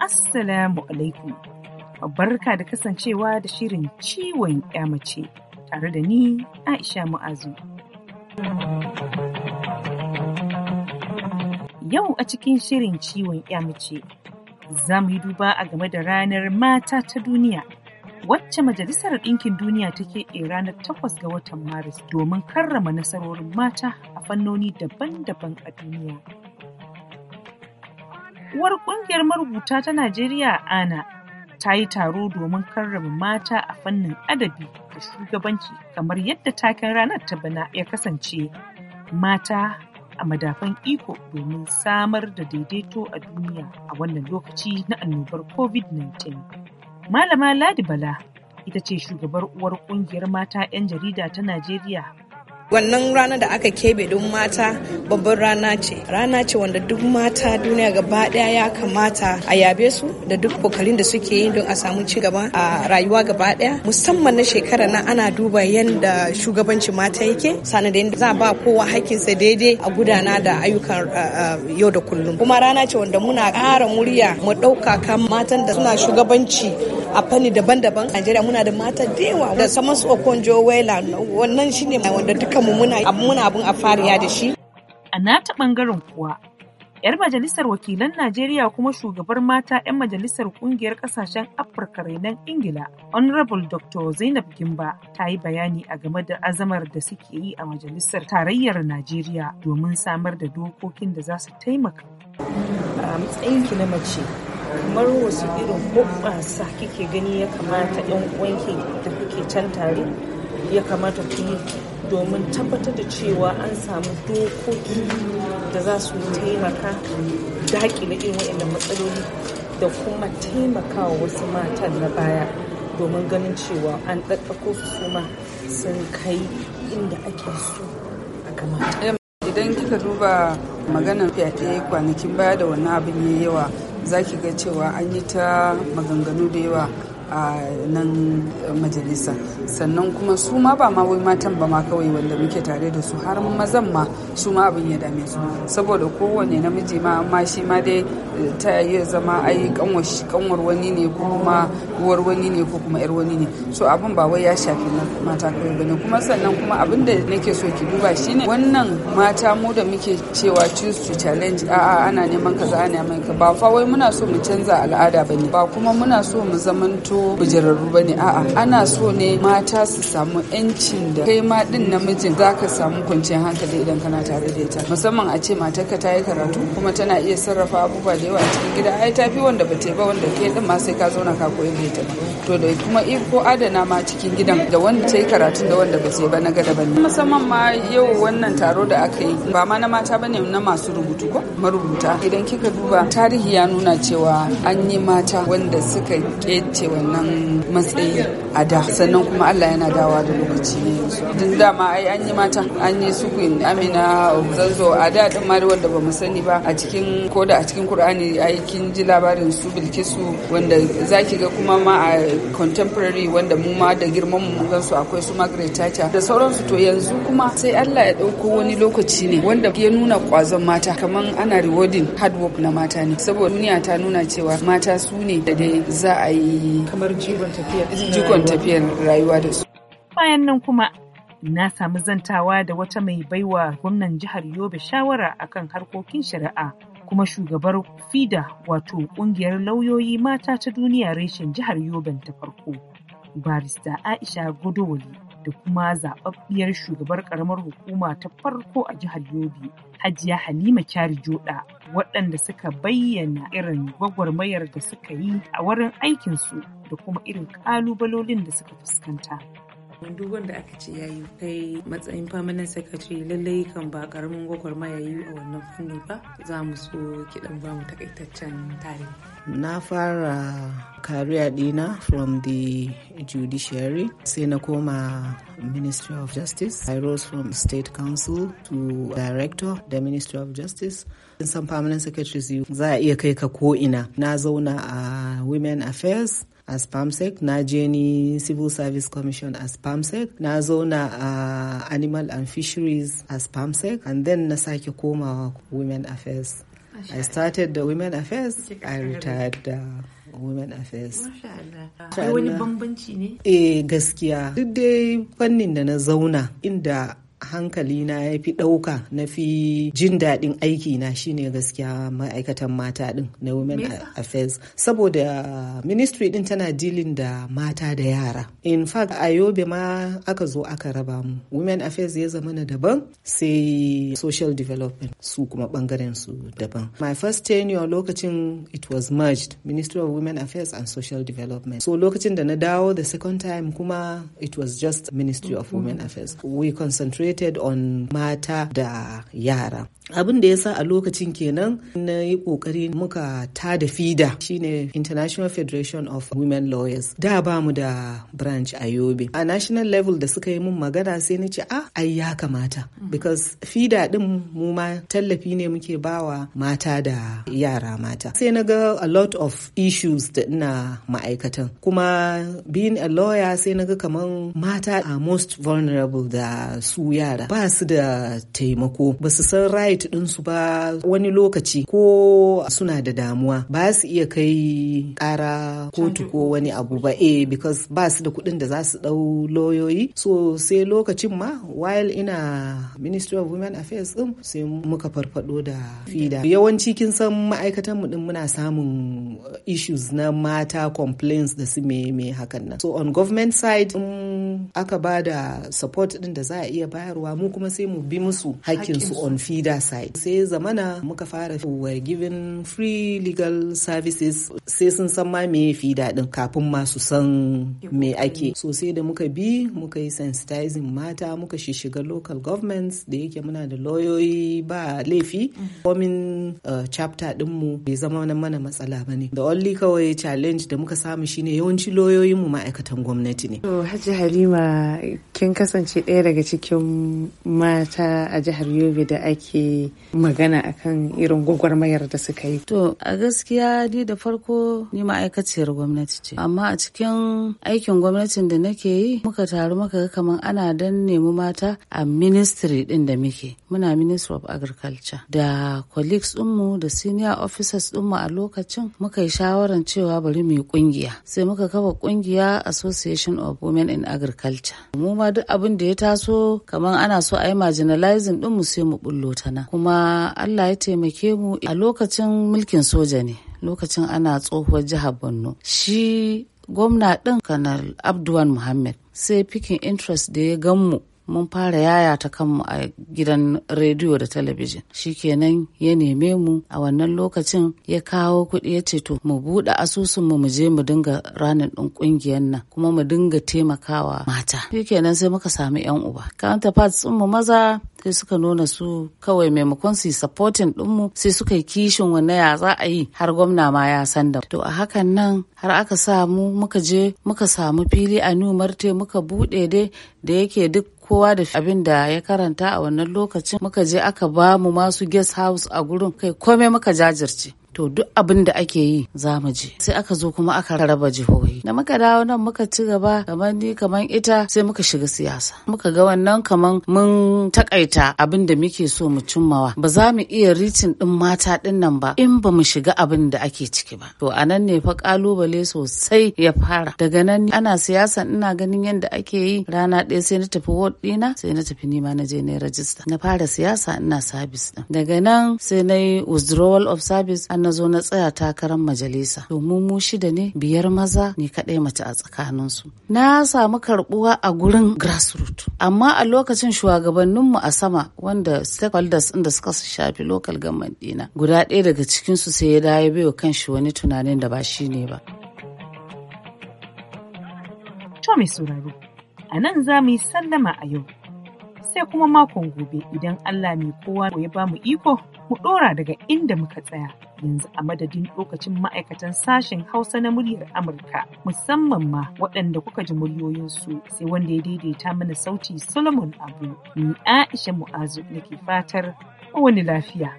Assalamu alaikum. Barka da kasancewa da shirin ciwon mace tare da ni Aisha Mu'azu. Yau a cikin shirin ciwon mace za mu yi duba a game da ranar mata ta duniya. Wacce Majalisar Ɗinkin Duniya take ke ranar takwas ga watan Maris domin karrama nasarorin mata a fannoni daban-daban a duniya. Uwar kungiyar marubuta ta Najeriya Ana ta yi taro domin karrama mata a fannin adabi da shugabanci kamar yadda taken ranar ta bana ya kasance mata a madafan iko domin samar da daidaito a duniya a wannan lokaci na annobar covid-19 malama ladi bala ita ce shugabar uwar kungiyar mata 'yan jarida ta najeriya wannan rana da aka keɓe don mata babban rana ce rana ce wanda duk mata duniya gaba ɗaya ya kamata a yabe su da duk kokarin da suke yi don a samu ci gaba a rayuwa gaba ɗaya musamman na shekara na ana duba yadda shugabanci mata yake sana da yadda za ba kowa sa daidai a gudana da ayyukan eh, eh, yau da kullum kuma rana ce wanda muna ƙara murya mu ɗaukaka matan da suna shugabanci a fanni daban-daban a Najeriya muna da mata da yawa da saman su Okonjo Wela wannan shine wanda duka mu muna muna abun a fariya da shi a nata bangaren kuwa yar majalisar wakilan Najeriya kuma shugabar mata 'yan majalisar kungiyar kasashen Afirka renan Ingila, Honorable Dr. Zainab Gimba ta yi bayani a game da azamar da suke yi a majalisar tarayyar Najeriya domin samar da dokokin da za su taimaka. A matsayinki na mace kamar wasu irin hoɓɓasa kike gani ya kamata yan uwanki da kuke can tare ya kamata ku yi domin tabbatar da cewa an samu dokoki da za su taimaka daƙile irin waɗannan matsaloli da kuma taimakawa wasu matan na baya domin ganin cewa an ɗaɗɗako su kuma sun kai inda ake so a kamata. Idan kika duba maganar fyaɗe kwanakin baya da wani abin yayi yawa za ki ga cewa an yi ta maganganu da yawa a nan majalisa sannan kuma su ma ba ma wai matan ba ma kawai wanda muke tare da su har mazan ma su ma abin ya dame su saboda kowane namiji ma amma shi ma dai eh, ta yi zama ai kanwar wani ne ko kuma uwar wani ne ko kuma yar wani ne so abin ba wai ya shafi mata kawai bane kuma sannan kuma abin da nake so ki duba shine wannan mata mu da muke cewa choose to challenge a'a ana neman kaza ana neman ka ba fa wai muna so mu canza al'ada bane ba kuma muna so mu zamanto so bujararru ba ne a'a ana so ne mata su samu 'yancin da kai ma din namijin za ka samu kwanciyar hankali idan kana tare da ita musamman a ce matarka ta yi karatu kuma tana iya sarrafa abubuwa da yawa a cikin gida ai ta fi wanda bata ba wanda kai din ma sai ka zauna ka koyi da ita to da kuma iko adana ma cikin gidan da wanda ta yi karatun da wanda ba ba na gada ba ne musamman ma yau wannan taro da aka yi ba ma na mata ba ne na masu rubutu ko marubuta idan kika duba tarihi ya nuna cewa an yi mata wanda suka kece wani wannan matsayi a da sannan kuma Allah yana dawa da lokaci ne dama ai an yi mata an yi su amina zanzo a da din mari wanda bamu sani ba a cikin ko da a cikin qur'ani ai kin ji labarin su bilkisu wanda zaki ga kuma ma a contemporary wanda mu ma da girman mu gan su akwai su margaret thatcher da sauransu to yanzu kuma sai Allah ya dauko wani lokaci ne wanda ya nuna kwazon mata kaman ana rewarding hard work na mata ne saboda duniya ta nuna cewa mata su ne da dai za a yi kamar jikon tafiyar rayuwa da su. Bayan nan kuma na samu zantawa da wata mai baiwa gwamnan jihar Yobe shawara akan harkokin shari'a kuma shugabar FIDA wato ƙungiyar lauyoyi mata ta duniya reshen jihar Yobe ta farko. Barista Aisha Godowali da kuma zaɓaɓɓiyar shugabar ƙaramar hukuma ta farko a jihar Yobe, Hajiya Halima Kyari Joda, waɗanda suka bayyana irin gwagwarmayar da suka yi a wurin aikinsu da kuma irin ƙalubalolin da suka fuskanta. duk wanda aka ce yayi kai matsayin permanent secretary lallai kan ba karamin gwagwarmaya yi a wannan fanni ba za mu so kiɗan ba mu takaitaccen tarihi na fara kariya dina from the judiciary sai na koma ministry of justice i rose from state council to director the ministry of justice in some permanent secretaries za a iya kai ka ko ina na zauna a women affairs as pamsec na je ni civil service commission as pamsec na zauna a uh, animal and fisheries as pamsec and then na sake komawa women affairs i started the women affairs i retired the women affairs akwai wani bambanci ne eh gaskiya duk dai fannin da na zauna inda hankali na ya fi ɗauka na fi jin daɗin aiki na shine gaskiya ma'aikatan mata ɗin na women affairs saboda ministry ɗin tana dealing da mata da yara in fact a yobe ma aka zo aka raba mu women affairs ya zama na daban sai social development su kuma bangaren su daban my first tenure lokacin it was merged ministry of women affairs and social development so lokacin da na dawo the second time kuma it was just ministry of women affairs we concentrate concentrated on mata da yara abin da ya sa a lokacin kenan na yi kokari muka ta da fida shine international federation of women lawyers da ba mu da branch a yobe a national level da suka yi mun magana sai na ce a ah, ai ya kamata mm. because fida din mu ma tallafi ne muke bawa mata da yara mata sai na ga a lot of issues da ina ma'aikatan kuma being a lawyer sai na ga kaman mata are most vulnerable da su yara ba su da taimako ba su san right ɗinsu ba wani lokaci ko suna da damuwa ba su iya kai ƙara kotu ko wani abu ba eh because ba su da kuɗin da za su ɗau loyoyi. so sai lokacin ma while ina ministry of women affairs ɗin sai muka farfado da fida yawanci kin san ma'aikatan mu ɗin muna samun uh, issues na mata complaints da su me me hakan nan so on government side in aka ba da support ɗin da za a iya ba bayarwa mu kuma sai mu bi musu su on feeder side sai zamana muka fara were given free legal services sai sun san ma me feeder din kafin ma su san me ake so sai da muka bi muka yi sensitizing mata muka shiga local governments da yake muna da loyoyi ba laifi komin mm-hmm. uh, chapter din mu. bai zama mana matsala ba ne da only kawai challenge da muka samu shine yawanci mu ma'aikatan gwamnati ne to hajji halima kin kasance ɗaya daga cikin mata a jihar Yobe da ake magana akan irin gwagwarmayar da suka yi? To, a gaskiya ni da farko ni ma'aikaciyar gwamnati ce. Amma a cikin aikin gwamnatin da nake yi, muka taru muka ga kamar ana dan nemi mata a ministry din da muke. Muna Ministry of Agriculture. Da colleagues ɗinmu da senior officers ɗinmu a lokacin muka yi shawaran cewa bari mu yi ƙungiya. Sai muka kafa ƙungiya Association of Women in Agriculture. Mu ma duk abin da ya taso kamar kamar ana so a yi marginalizing din mu sai mu bullo ta nan kuma Allah ya taimake mu a lokacin mulkin soja ne lokacin ana tsohuwar jihar Borno shi gwamna din kanal Abdulwan Muhammad sai fikin interest da ya gan mu mun fara yayata kanmu a gidan rediyo da talabijin shi kenan ya neme mu a wannan lokacin ya kawo kuɗi ya ce to mu buɗe asusun mu mu je mu dinga ranar ɗin ƙungiyar nan kuma mu dinga taimakawa mata kenan sai muka samu yan uba counterparts mu maza sai suka nuna su kawai maimakon su supporting ɗinmu sai suka yi kishin wanne ya za a yi har gwamna ma ya san da to a hakan nan har aka samu muka je muka samu fili a marte muka buɗe dai da yake duk kowa da abin da ya karanta a wannan lokacin muka je aka ba mu masu guest house a gurin kai komai muka jajirce to duk abin da ake yi za mu je sai aka zo kuma aka raba jihohi da muka dawo nan muka ci gaba kamar ni kamar ita sai muka shiga siyasa muka ga wannan kamar mun takaita abin da muke so mu cimmawa ba za mu iya ricin din mata din nan ba in ba mu shiga abin da ake ciki ba to anan ne fa kalubale sosai ya fara daga nan ana siyasa ina ganin yadda ake yi rana ɗaya sai na tafi ward dina, sai na tafi nima na je na rajista na fara siyasa ina sabis din daga nan sai na yi withdrawal of service an na zo na tsaya takarar majalisa domin mu shida ne biyar maza ne kaɗai mace a tsakaninsu na samu karɓuwa a gurin grassroot amma a lokacin shugabanninmu a sama wanda stakeholders da suka shafi local government ɗina guda ɗaya daga cikinsu sai ya dawo baiwa kanshi wani tunanin da ba shi ne ba. To mai sauraro, a nan za mu yi sallama a yau. sai kuma makon gobe idan Allah mai kowa ya ba mu iko mu ɗora daga inda muka tsaya. yanzu a madadin lokacin ma'aikatan sashen Hausa na muryar Amurka musamman ma waɗanda kuka ji muryoyinsu sai wanda ya daidaita mana sauti Solomon Abu ni Aisha Mu'azu nake fatar wani lafiya.